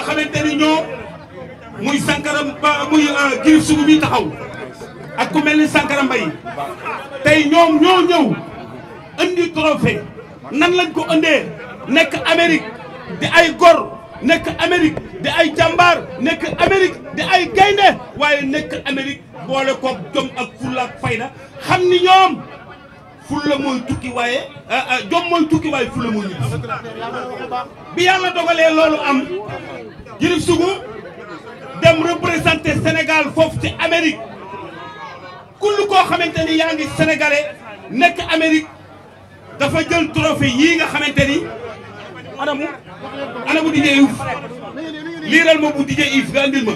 nga xamante ni ñoo muy Sankara muy euh, Girif Sougou bi taxaw ak ku mel ni Sankara Mbaye tey ñoom ñoo ñëw indi trophée nan lañ ko indee nekk Amérique di ay gor nekk Amérique di ay jàmbaar nekk Amérique di ay gaynde waaye nekk Amérique boole ko jom ak fulla ak fayda xam ni ñoom fulla mooy tukki waaye euh, euh, jom mooy tukki waaye fulla mooy ñibbi bi yàlla dogalee loolu am Girif Sougou dem représenter Sénégal foofu ci Amérique kull koo yaa ngi sénégalais nekk Amérique dafa jël trophée yii nga xamante ni anamu anamu DJ Yves liiral ma bu DJ Yves nga andil ma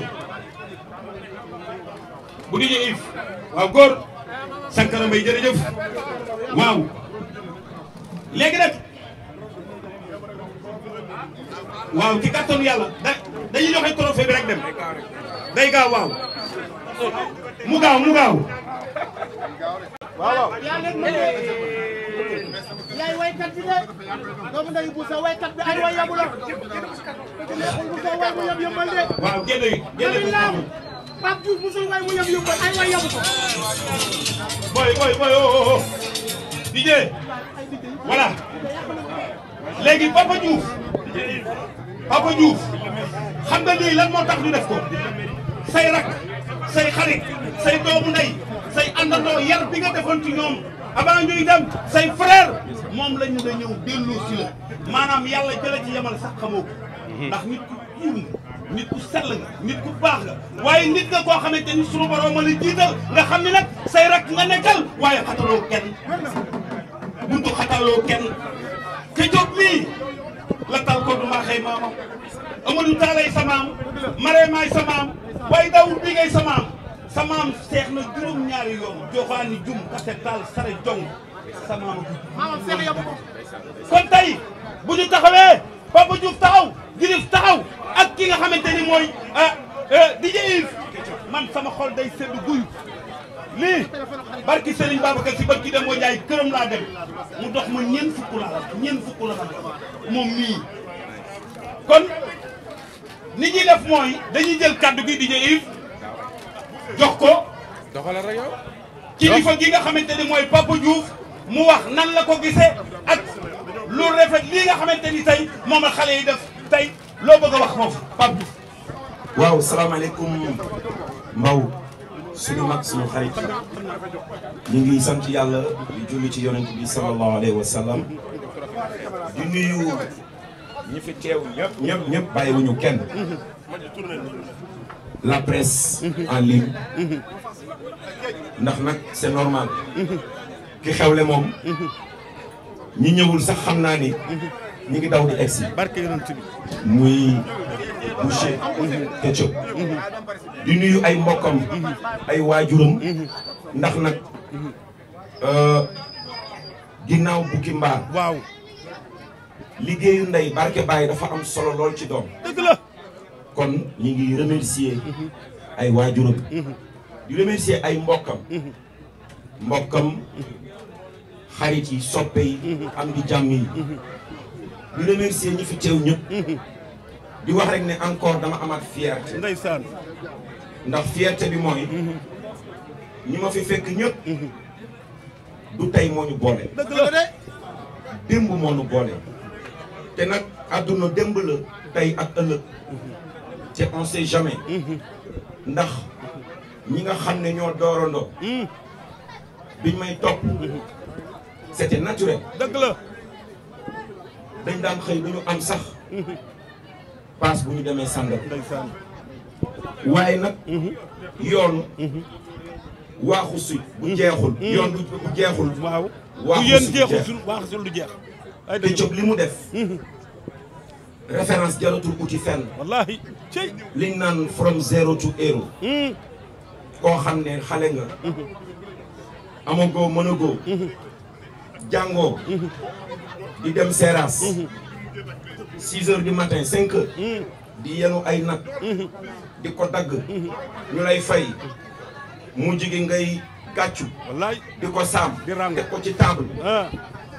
bu DJ Yves waaw góor Sankara Mbaye jërëjëf waaw léegi nag waaw ci kàttanu yàlla da dañuy joxe trophée bi rek dem day gaaw waaw mu gaaw mu gaaw. yaay waykat bi de doomu ndeyu Boussa waykat way yabu la neexul way mu yab yëmbal de. waaw génne génne ko xam Pape way mu yab yëmbal ay way yabu ko. booy booy booy oh oh, oh. DJ voilà léegi Papa Diouf. Papa Diouf xam nga lii lan moo tax ñu def ko say rak say xarit say doomu ndey say àndandoo yar bi nga defoon ci ñoom avant ñuy dem say frère moom lañu ñu la ñëw dellu si maanaam yàlla jëla ci yemal sax xamoo ko ndax nit ku yiw nga nit ku sell nga nit ku baax nga waaye nit nga koo xamante ni sunu borom a la jiital nga xam ni nag say rak nga nekkal waaye xataloo kenn buntu xataloo kenn te jóg la tal ko du maa xëy maamam Amadou Taalay sa maam Maremaay sa maam waaye ngay sa maam sa seex na juróom-ñaari yoon Jofaani Jum Kase Taal Sare Jong sa maam ak kon tey bu ñu taxawee Papa Diouf taxaw Girif taxaw ak ki nga xamante ni mooy ah, ah DJ man sama xol day sedd guy lii barki Serigne Babacar si barki Demba Ndiaye këram laa dem mu dox ma ñeent fukk la moom mii. kon ni ñuy def mooy dañuy jël kaddu gi di Yves jox ko. doxalal rek yow. kilifa gi nga xamante ni mooy Papa juuf mu wax nan la ko gisee ak lu rafet lii nga xamante ni tey moom ak xale yi def tey loo bëgg a wax foofu Papa Diouf. waaw salaamaaleykum Mbaw. suñu mag suñu xarit ñu ngi sant yàlla di julli ci yonent bi sallallahu alayhi wa sallam di nuyu ñi fi teew ñëpp ñëpp ñëpp bàyyiwuñu kenn la presse en ligne ndax nag c'est normal ki xewle moom ñi ñëwul sax xam naa ni ñu ngi daw di egsi barke muy monsieur Ketchup di nuyu ay mbokkam ay waajuram ndax nag euh, ginnaaw bukki mbaar waaw liggéeyu ndey barke bàyyi dafa am solo lool ci doom dëgg la kon ñu ngi remercier ay waajuram di remercier ay mbokkam mbokkam xarit yi soppe yi am di jàmm yi di remercier ñi fi teew ñëpp di wax rek ne encore dama amaat fierté. ndeysaan. ndax fierté bi mooy. Mhm. ñu ma fi fekk ñëpp. Mhm. du tey moo ñu boole. dëgg la démb moo ñu boole. te nag àdduna démb la tey ak ëllëg. Mhm. te on sait ndax ñi nga xam ne ñoo doorandoo. biñ may topp. c'était naturel. dëgg la. dañ daan xëy du ñu am sax. paas bu ñu demee sàngal waaye nag mhm. yoon mhm. waaxu suj bu jeexul mhm. yoon bu jeexul waaw waaxu yéen jeexul waaxu suj du jeex te Diop li mu def référence jaratul uti fenn wallaahi li naan from zero to hero koo xam ne xale nga amagoo mënagoo jàngoo di dem seeraas six heures du matin cinq heures hmm. di yenu ay nag hmm. di ko dagg hmm. ñu lay fay mu jigi ngay gàccu di ko saam teg ko ci table ah.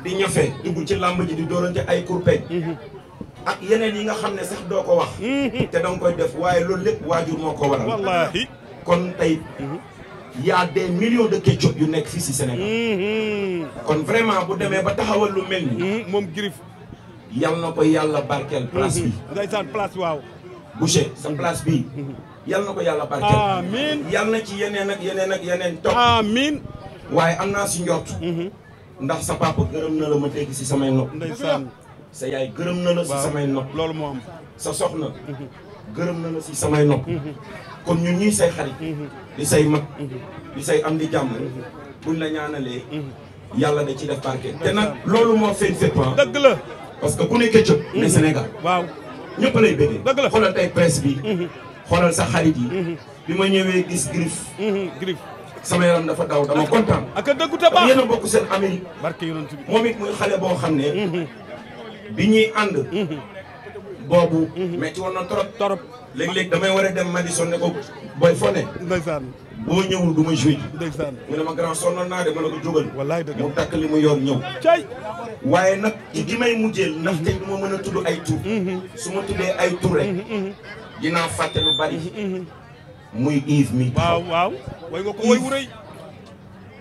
di ñofe dugg ci làmb ji di dóorante ay kurpeñ ak yeneen yi nga xam ne sax doo ko wax te danga koy def waaye loolu lépp waajur moo ko waral wallaahi kon tey y a des millions de ketchup yu nekk fii si Sénégal kon vraiment bu demee ba taxawal lu mel ni moom Griff yal na ko yàlla barkeel place bi. Mhm. ndeysaan place waaw. Boucher sa place bi mhm. yal na ko yàlla barkeel. amiin yal na ci yeneen ak yeneen ak yeneen topp. amiin waaye am naa si njort. Mhm. ndax sa papa gërëm na ma dégg si samay nopp. ndeysaan sa yaay gërëm na la si samay nopp. loolu moo am sa soxna. gërëm na la si samay nopp. kon ñu ñuy say xarit. di say mag. di say am di jàmm. buñ la ñaanalee. yàlla da ci def barkeel. te nag loolu moo feeñ fépp ah. dëgg la. parce que ku ne Ketchup ne Sénégal waaw ñëpp lay bëggee dëgg la xoolal tey presse bi mhm. xoolal sa xarit yi mhm. bi ma ñëwee gis Griff mhm. Griff sama yaram dafa daw dama kontaan ak dëggu te baax yéen a bokk seen Amérique barke yonent bi moom it muy xale boo xam ne bi ñuy ànd boobu. Mhm. metti woon na trop. trop léeg-léeg damay war a dem Madison ne ko booy fone. ndeysaan boo ñëwul du ma joué. ndeysaan mu ne ma grand sonnoon naa de ma ne ko jógal. wallaay dëgg yoon ñëw. cay waaye nag ci gi may mujjee ndaxte mhm. du ma mën a tudd ay tur. Mhm. su ma tuddee ay tur rek. dinaa fàtte lu bari. muy Yves mi. waaw waaw way nga ko way wu rëy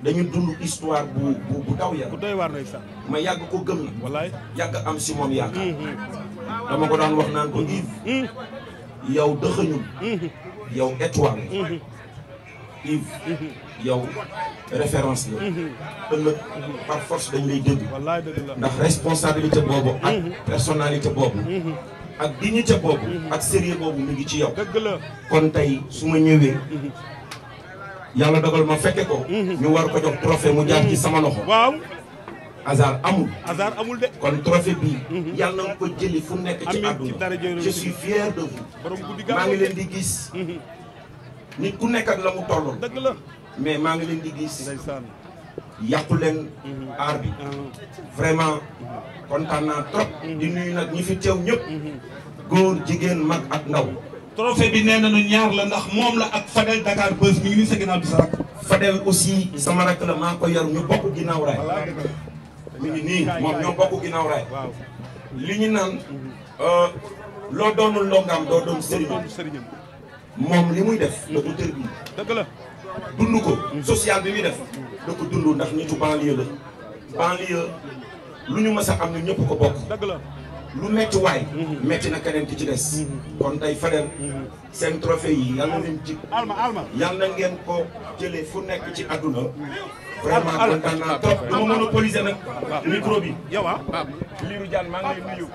dañu dund histoire bu bu bu daw yaram. bu war waar ndeysaan. ma yàgg ko gëm na. wallaay yàgg am si moom dama ko daan wax naan ko Yves hmm. yow dëxëñul hmm. yow étoile hmm. Yves yow référence la ëllëg par force dañ lay dégg ndax responsabilité boobu ak personnalité boobu ak dignité boobu ak sérieux boobu mu ngi ci yow kon tey su ma ñëwee yàlla dogal ma fekke ko ñu war ko jox trophée mu jaar ci sama loxo waaw hasard amul. hasard amul de. kon trophée bi mhm. yàlla na ko jëli fu nekk ci àdduna je suis fier de vous. maa ngi leen di gis. Mhm. nit ku nekk ak la mu tolloon. dëgg la mais maa ngi leen di gis. yàqu leen mhm. aar vraiment kontaan naa trop. di nuyu nag ñi fi teew ñëpp. góor jigéen mag ak ndaw. trophée bi nee nañu ñaar la ndax moom la ak Fadel Dakar Buzz mi ngi nii sa ginnaaw bi sa rakk. aussi sama rakk la maa ko yar ñu bokk ginnaaw raay. mi ngi nii moom ñoo bokk ginnaaw raay li ñu naan euh, loo doonul ndongaam doo doon sëriñam moom li muy def la ko bi dëgg la dund ko mm. social bi muy def da ko dund ndax nitu banlieue la banlieue lu ñu mës a am ñun ñëpp ko bokk dëgg la lu metti waay. Mhm. metti na keneen ki ci des. Mhm. kon day Fader. Mhm. seen trophée yi yal na leen ci. yal na ngeen ko jëlee fu nekk ci àdduna. vraiment kontaan naa trop du ma monopoliser nag. micro bi. yow ah Lirou Diane maa ngi lay nuyu.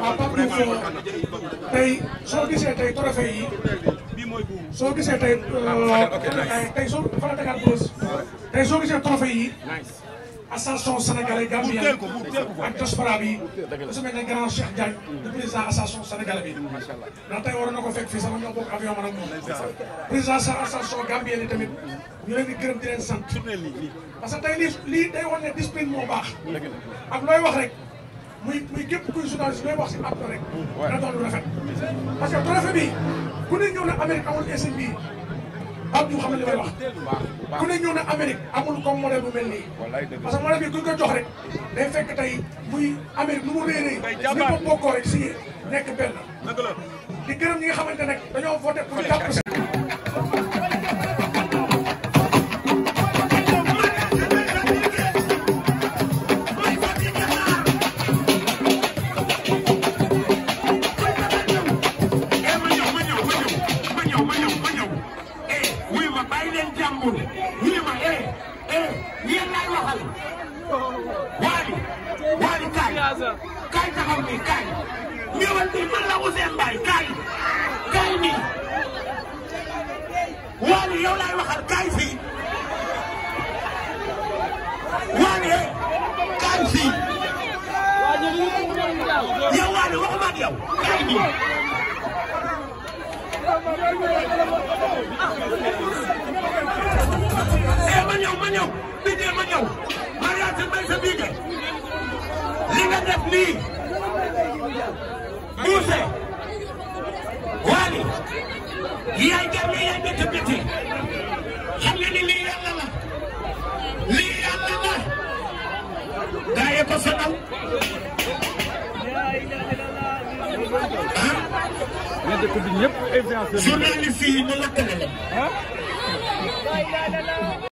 waaw tey soo gisee tey trophée yi. soo gisee tey. Ah, euh, tey soo fa la tegaat bës. tey soo gisee trophée yi. association sénégalais gambienne ak diaspora bi ku grand Cheikh Diagne président association sénégalais bi na ko fekk fii sama ñoo bokk avion man ak moom président sa association gambienne yi tamit moo baax ak looy wax rek muy muy képp kuy journaliste looy wax si ab rek na doon lu rafet parce que préfet bi Abdou xam na li may wax ku ne ñëw na Amérique amul comme modèle bu mel nii parce que modèle bi kuñ ko jox rek day fekk tey muy Amérique nu mu réeree ni ko bokkoo rek si nekk benn di gërëm ñi nga xamante ne dañoo voté pour jàpp seen kaay taxaw nii kaay ñëwal nii man la Ousseyn Mbaye kaay kaay nii Wally yow laay waxal kaay fii Wally eh, kaay fii yow Wally waxuma ak yow kaay nii eh ma ñëw ma ñëw bii de ma ñëw Maria Sy Mbaye sa bii de li nga def nii Muse Wally yaay dem yaay métti métti xam nga ni lii yàlla la lii yàlla la gaa yi ko sonal ah dëkk bi ñëpp journaliste yi mu lakk na leen ah.